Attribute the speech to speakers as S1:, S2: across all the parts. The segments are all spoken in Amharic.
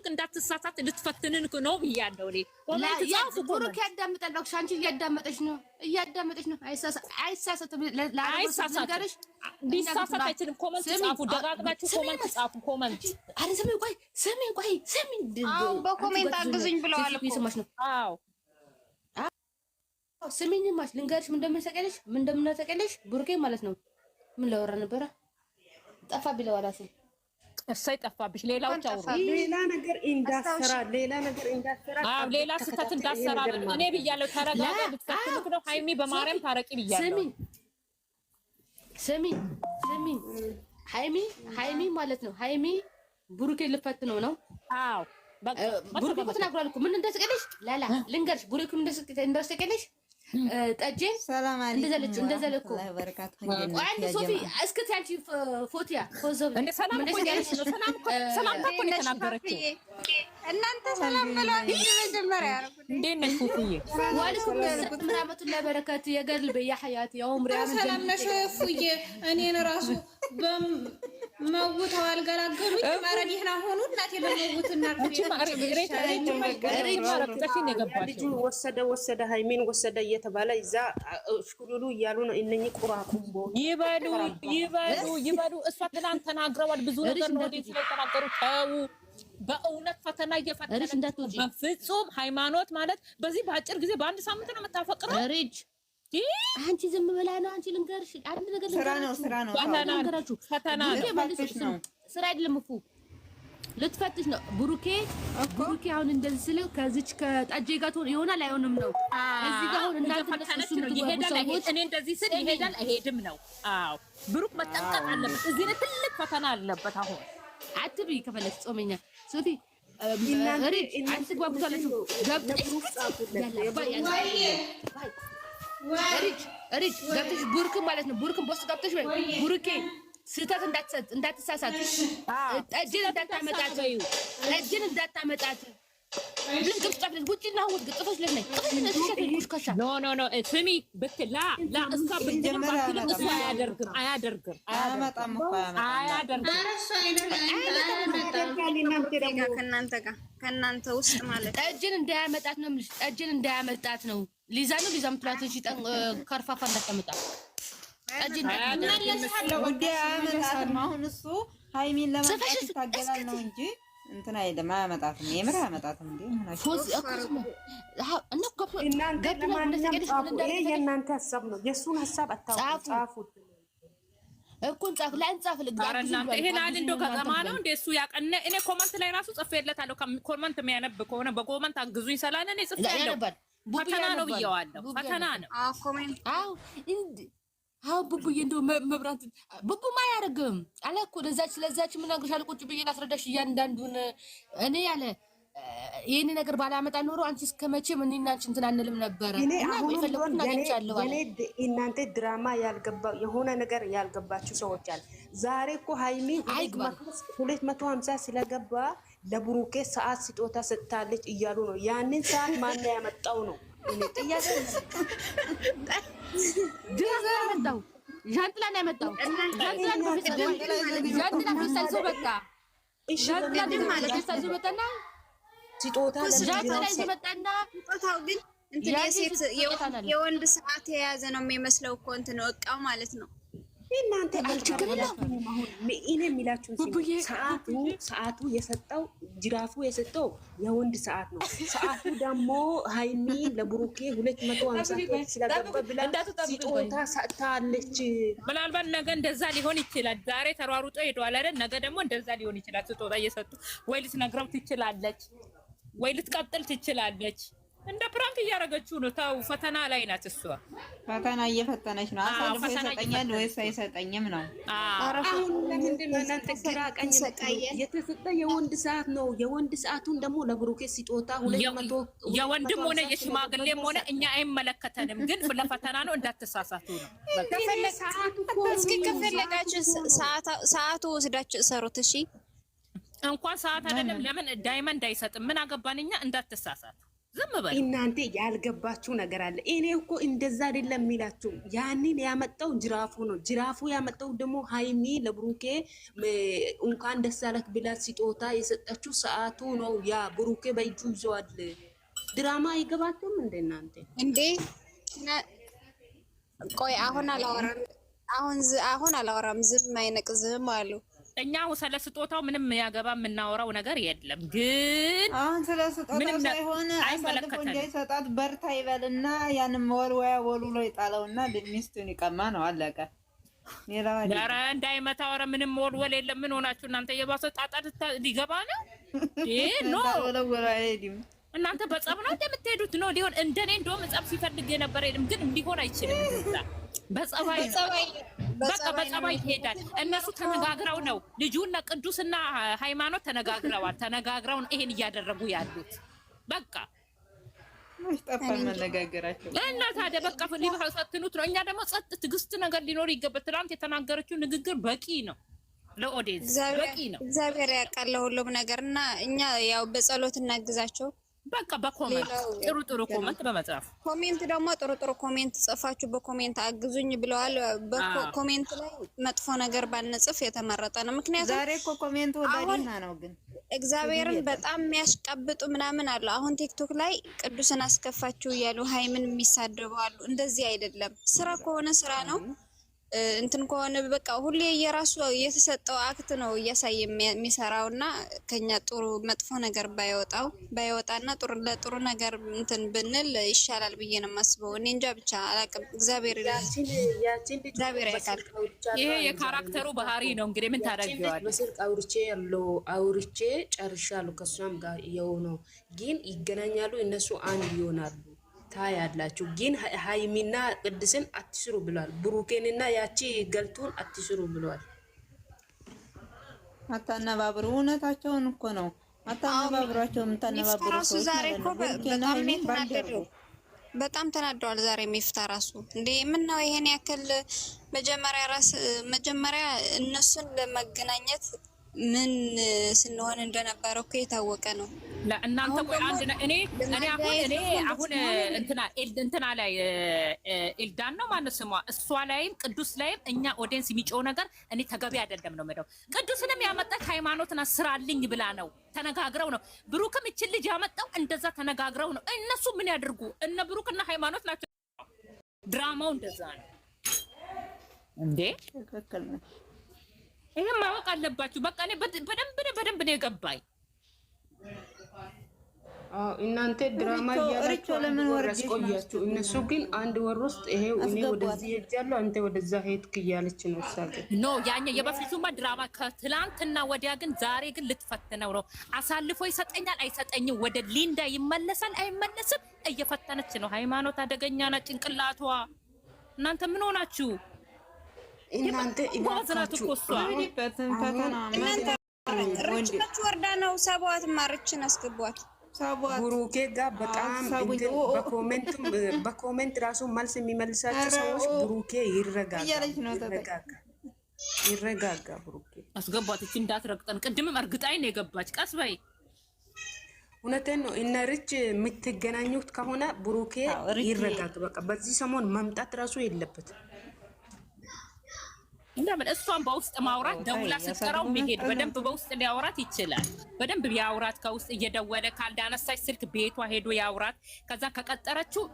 S1: ብሩክ እንዳትሳሳት ልትፈትንን ነው ብያለሁ።
S2: ብሩክ ያዳምጠልሽ፣ አንቺ እያዳመጠች ነው እያዳመጠች ነው። አይሳሳትም፣
S1: ሊሳሳት አይችልም። ኮመንት ጻፉ፣ ደጋግማችሁ ኮመንት ጻፉ። ኮመንት አረ ስሚ፣ ቆይ ስሚ፣ ቆይ ስሚ፣ በኮሜንት አግዙኝ ብለዋል እኮ ነው። አዎ ስሚኝ ማሽ ልንገርሽ፣ ምን እንደምንሰቀለሽ ምን እንደምንሰቀለሽ ብሩኬ ማለት ነው። ምን ላወራ ነበረ? ጠፋ ቢለዋላሲ እሰይ ጠፋብሽ። ሌላዎች አውሩ። ሌላ ነገር እንዳሰራ ሌላ ነገር እንዳሰራ አዎ፣ ሌላ ስህተት እንዳሰራ እኔ ብያለሁ። ተረጋጋ። ብትከፍልክ ነው ሃይሚ በማርያም ታረቂ ብያለሁ። ስሚ ስሚ ስሚ፣ ሃይሚ ሃይሚ ማለት ነው። ሃይሚ ብሩኬ ልፈትነው ነው ነው። አዎ፣ በቃ ብሩኬ ትናግሯል እኮ ምን እንደስቀለሽ ላላ ልንገርሽ፣ ብሩኬ ምን ጠጄ እንደዘለኩ አንድ ሰላም ብሏል። መጀመሪያ እንዴት መውተው አልገላገሉኝ። እናቴ ወሰደ ወሰደ ሀይሚን ወሰደ እየተባለ እዛ ሽኩሉሉ እያሉ ነው። ቁራቁምቦ ይበሉ ይበሉ ይበሉ። እሷ ትናንት ተናግረዋል ብዙ ነገር ነው ተው በእውነት ፈተና በፍጹም ሃይማኖት ማለት በዚህ በአጭር ጊዜ በአንድ ሳምንት ነው የምታፈቅረው ሪጅ አንቺ ዝም ብላ ነው። አንቺ ልንገርሽ አንድ ነገር ልንገራችሁ፣ ስራ አይደለም እኮ ልትፈትሽ ነው። ብሩኬ ብሩኬ አሁን እንደዚህ ስለው ከዚች ከጠጄ ጋር ይሆናል አይሆንም ነው እዚህ ጋር አሁን እኔ እንደዚህ ስል ይሄዳል አይሄድም ነው። አዎ ብሩክ መጠንቀቅ አለበት። እዚህ ላይ ትልቅ ፈተና አለበት። አሁን አትብ ከፈለች ጾመኛ ሶፊ አንቺ ጓጉታለች ገብጥ ሪች ሪች ገብተሽ ቡርክን ማለት ነው። ቡርክን ቦስ ገብተሽ ወይ ቡርኬ ስህተት እንዳትሳሳት፣ ጠጅን እንዳታመጣት፣ ጠጅን እንዳታመጣት ከእናንተ ውስጥ ማለት ጠጅን እንዳያመጣት ነው የምልሽ። ጠጅን እንዳያመጣት ነው። ሊዛ ነው ሊዛ ምትላት እንጂ ከርፋፋ እንዳታመጣ ጠጅን እንዳያመጣት ነው። አሁን እሱ ሀይሚን ለማምጣት ይታገላል ነው እንጂ እንትን አይደለም አያመጣትም፣ የምር አያመጣትም። የእናንተ ሀሳብ ነው፣ የእሱን ሀሳብ አታውቁት። እኩን ጻፍ ላይ እንደው ከቀማ ነው እንደ እሱ ያቀነ እኔ ኮመንት ላይ ራሱ ጽፌለታለሁ። ኮመንት የሚያነብ ከሆነ በኮመንት አግዙኝ ስላለ እኔ ጽፌያለሁ። ፈተና ነው ብየዋለሁ። ፈተና ነው አሁ ቡቡዬ፣ እንደው መብራት ቡቡም አያደርግም አለ እኮ ለዛች ለዛች የምናገርሻለሁ። ቁጭ ብዬ ላስረዳሽ እያንዳንዱን እኔ ያለ ይህን ነገር ባላመጣ ኖሮ አንቺ እስከ መቼም እኔና አንቺ እንትን አንልም ነበረ። እናንተ ድራማ ያልገባ የሆነ ነገር ያልገባችሁ ሰዎች አለ። ዛሬ እኮ ሀይሚን ሁለት መቶ ሀምሳ ስለገባ ለብሩኬ ሰዓት ስጦታ ሰጥታለች እያሉ ነው። ያንን ሰዓት ማን ያመጣው ነው? ያመጣው ዣንጥላ ነው ያመጣው። ዣንጥላ ፌስታል ይዞ በቃ ስጦታ ይዞ መጣና የወንድ ሰዓት የያዘ ነው የሚመስለው እኮ እንትን እቃው ማለት ነው። እናንተ አልችግር የለም አሁን እኔ የሚላችሁን ሰዓቱ ሰዓቱ የሰጠው ጅራፉ የሰጠው የወንድ ሰዓት ነው። ሰዓቱ ደግሞ ሀይሚ ለብሩኬ ሁለት መቶ ሀምሳ ስለገባ ብላ ስጦታ ሰጥታለች። ምናልባት ነገ እንደዛ ሊሆን ይችላል። ዛሬ ተሯሩጦ ሄደዋል አይደል? ነገ ደግሞ እንደዛ ሊሆን ይችላል። ስጦታ እየሰጡ ወይ ልትነግረው ትችላለች፣ ወይ ልትቀጥል ትችላለች። እንደ ፕራንክ እያደረገችው ነው። ታው ፈተና ላይ ናት እሷ። ፈተና እየፈተነች ነው። አሳልፎ ይሰጠኛል ወይስ አይሰጠኝም ነው። አሁን ለምንድን ነው እናንተ ግራ ቀኝ የተሰጠ የወንድ ሰዓት ነው። የወንድ ሰዓቱን ደግሞ ለብሩኬ ሲጦታ የወንድም ሆነ የሽማግሌም ሆነ እኛ አይመለከተንም፣ ግን ለፈተና ነው እንዳትሳሳቱ ነው። እስኪ ከፈለጋችሁ ሰዓቱ ወስዳችሁ ሰሩት። እሺ እንኳን ሰዓት አይደለም ለምን ዳይመንድ አይሰጥም? ምን አገባን እኛ እንዳትሳሳቱ ዝም በል እናንተ። ያልገባችሁ ነገር አለ። እኔ እኮ እንደዛ አይደለም የሚላችሁ ያንን ያመጣው ጅራፉ ነው። ጅራፉ ያመጣው ደግሞ ሀይሚ ለብሩኬ እንኳን ደስ አለህ ብላ ስጦታ የሰጠችው ሰዓቱ ነው። ያ ብሩኬ በእጁ ይዘዋል። ድራማ አይገባችሁም እንደ እናንተ እንዴ። ቆይ አሁን አላወራም፣ አሁን አሁን አላወራም። ዝም አይነቅ ዝም አሉ እኛ ስለ ስጦታው ምንም ያገባ የምናወራው ነገር የለም። ግን አሁን ስለ ስጦታው ሳይሆን አሳልፎ እንዳይሰጣት በርታ ይበልና ያንም ወልወያ ወሉሎ ይጣለውና ሚስቱን ይቀማ ነው አለቀ። ኧረ እንዳይመታ ኧረ ምንም ወልወል የለም። ምን ሆናችሁ እናንተ? የባሰ ጣጣ ሊገባ ነው ኖ እናንተ በጸብ ነው እንደምትሄዱት ነው ሊሆን እንደኔ እንደውም ጸብ ሲፈልግ የነበረ የለም። ግን እንዲሆን አይችልም በጸባይ በቃ በጸባይ ይሄዳል። እነሱ ተነጋግረው ነው ልጁና ቅዱስና ሃይማኖት ተነጋግረዋል። ተነጋግረውን ይሄን እያደረጉ ያሉት በቃ ጠፋን እና ታዲያ በቃ ነው። እኛ ደግሞ ጸጥ ትግስት ነገር ሊኖር ይገባል። ትናንት የተናገረችው ንግግር በቂ ነው ለኦዴዝ በቂ ነው። እግዚአብሔር ያውቃል ነገር እና እኛ ያው በጸሎት እናግዛቸው በቃ በኮሜንት ጥሩ ጥሩ ኮሜንት ኮሜንት ደግሞ ጥሩ ጥሩ ኮሜንት ጽፋችሁ በኮሜንት አግዙኝ ብለዋል። በኮሜንት ላይ መጥፎ ነገር ባንጽፍ የተመረጠ ነው። ምክንያቱም ዛሬ እኮ ኮሜንት ወዳዲና ነው፣ ግን እግዚአብሔርን በጣም የሚያስቀብጡ ምናምን አለ። አሁን ቲክቶክ ላይ ቅዱስን አስከፋችሁ እያሉ ሀይምን የሚሳደቡ አሉ። እንደዚህ አይደለም። ስራ ከሆነ ስራ ነው። እንትን ከሆነ በቃ ሁሌ የራሱ የተሰጠው አክት ነው እያሳየ የሚሰራው እና ከኛ ጥሩ መጥፎ ነገር ባይወጣው ባይወጣና ጥሩ ለጥሩ ነገር እንትን ብንል ይሻላል ብዬ ነው የማስበው። እኔ እንጃ ብቻ አላቅም። እግዚአብሔር እግዚአብሔር ያውቃል። ይሄ የካራክተሩ ባህሪ ነው። እንግዲህ ምን ታደርጊዋለሽ? በስልክ አውርቼ ያለው አውርቼ ጨርሻለሁ። ከእሷም ጋር የሆነው ግን ይገናኛሉ፣ እነሱ አንድ ይሆናሉ። ታያላችሁ። ግን ሀይሚና ቅድስን አትስሩ ብሏል። ብሩኬንና ያቺ ገልቱን አትስሩ ብሏል። አታነባብሩ። እውነታቸውን እኮ ነው። አታነባብሯቸው። የምታነባብሩ ዛሬ እኮ በጣም ነው በጣም ተናደዋል። ዛሬ የሚፍታ ራሱ እንዴ ምን ነው ይሄን ያክል መጀመሪያ ራስ መጀመሪያ እነሱን ለመገናኘት ምን ስንሆን እንደነበረ እኮ የታወቀ ነው። እናንተ ቆይ አንድ እኔ እኔ አሁን እኔ አሁን እንትና እንትና ላይ ኤልዳን ነው ማለት ስሟ እሷ ላይም ቅዱስ ላይም እኛ ኦዲየንስ የሚጮው ነገር እኔ ተገቢ አይደለም ነው የምለው። ቅዱስንም ያመጣች ሃይማኖትና ስራልኝ ብላ ነው ተነጋግረው ነው። ብሩክም እችን ልጅ ያመጣው እንደዛ ተነጋግረው ነው። እነሱ ምን ያድርጉ? እነ ብሩክና ሃይማኖት ናቸው። ድራማው እንደዛ ነው እንዴ? ይሄ ማወቅ አለባችሁ። በቃ እኔ በደንብ በደንብ ነው የገባኝ። እናንተ ድራማ እያላችሁ ቆያችሁ። እነሱ ግን አንድ ወር ውስጥ ይሄ እኔ ወደዚህ ሄጃለሁ፣ አንተ ወደዛ ሄድክ እያለች ነው። ሳገ ኖ ያኛ የበፊቱማ ድራማ ከትላንትና ወዲያ ግን ዛሬ ግን ልትፈትነው ነው። አሳልፎ ይሰጠኛል አይሰጠኝም፣ ወደ ሊንዳ ይመለሳል አይመለስም፣ እየፈተነች ነው። ሃይማኖት አደገኛ ናት ጭንቅላቷ። እናንተ ምን ሆናችሁ? እናንተ እናንተ ወርዳ ነው ሰቧት ማርችን አስገቧት። ቡሩኬ ጋር በጣም በኮሜንት ራሱ መልስ የሚመልሳቸው ሰዎች ቡሩኬ ይረጋጋ፣ ቡሩኬ አስገቧት። እች እንዳትረግጠን ቅድምም እርግጣኝ ነው የገባች። ቀስ በይ እውነቴን ነው። እነ ርች የምትገናኙት ከሆነ ቡሩኬ ይረጋግ። በቃ በዚህ ሰሞን መምጣት ራሱ የለበትም። እንደምን እሷን በውስጥ ማውራት ደውላ ስጠራው መሄድ በደንብ በውስጥ ሊያውራት ይችላል። በደንብ ያውራት ከውስጥ እየደወለ ካልዳነሳች ስልክ ቤቷ ሄዶ ያውራት። ከዛ ከቀጠረችው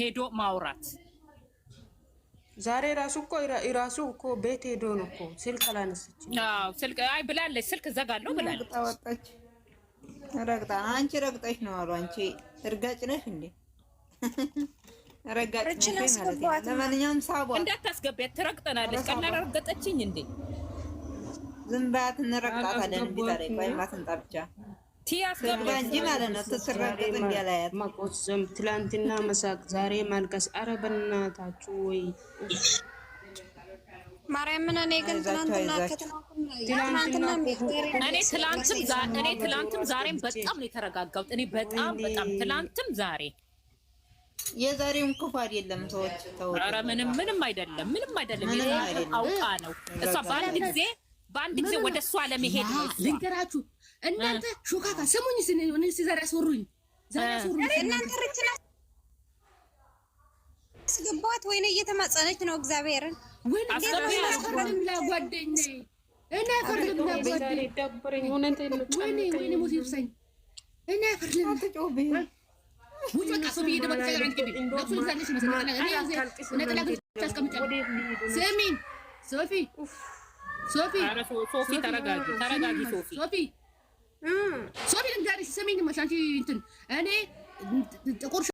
S1: ሄዶ ማውራት። ዛሬ ራሱ እኮ ራሱ እኮ ቤት ሄዶ ነው እኮ ስልክ አላነሳች። ስልክ አይ ብላለች፣ ስልክ ዘጋለሁ ብላለች። ረግጣ አንቺ ረግጠሽ ነው አሉ። አንቺ እርጋጭ ነሽ እንዴ? ረጋጭ ማለት ለማንኛውም ሳቧ እንዳታስገቢያት ትረግጠናለች። ቀና ረገጠችኝ እንዴ! ዝም በያት እንረግጣታለን። እንቢ ታዲያ ወይም መቆዘም፣ ትላንትና መሳቅ፣ ዛሬ ማልቀስ። ኧረ በእናታችሁ ወይ ማርያምን እኔ ግን ትናንትና ትላንትም ዛሬም በጣም ነው የተረጋጋሁት። እኔ በጣም በጣም ትላንትም ዛሬ የዛሬውን ክፉ አይደለም። ሰዎች ተው፣ ኧረ ምንም ምንም አይደለም፣ ምንም አይደለም። አውቃ ነው እሷ በአንድ ጊዜ በአንድ ጊዜ ወደ እሷ ለመሄድ ነው። ልንገራችሁ እናንተ ሹካካ ስሙኝ፣ እስኪ ዛሬ ያስወሩኝ ዛሬ እናንተ ርችና አስገባት ወይኔ፣ እየተማጸነች ነው እግዚአብሔርን። ወይኔ አስገባት ለጓደኛዬ እና ፈርልም ወይኔ ወይኔ፣ ሞት ይብሰኝ እና ፈርልም ውጭ ሶፊ ተረጋጊ፣ ተረጋጊ ሶፊ፣ ሶፊ፣ ሶፊ ተረጋጊ ሶፊ ሶፊ ልንገርሽ ስሚኝ አንቺ እንትን እኔ ጥቁር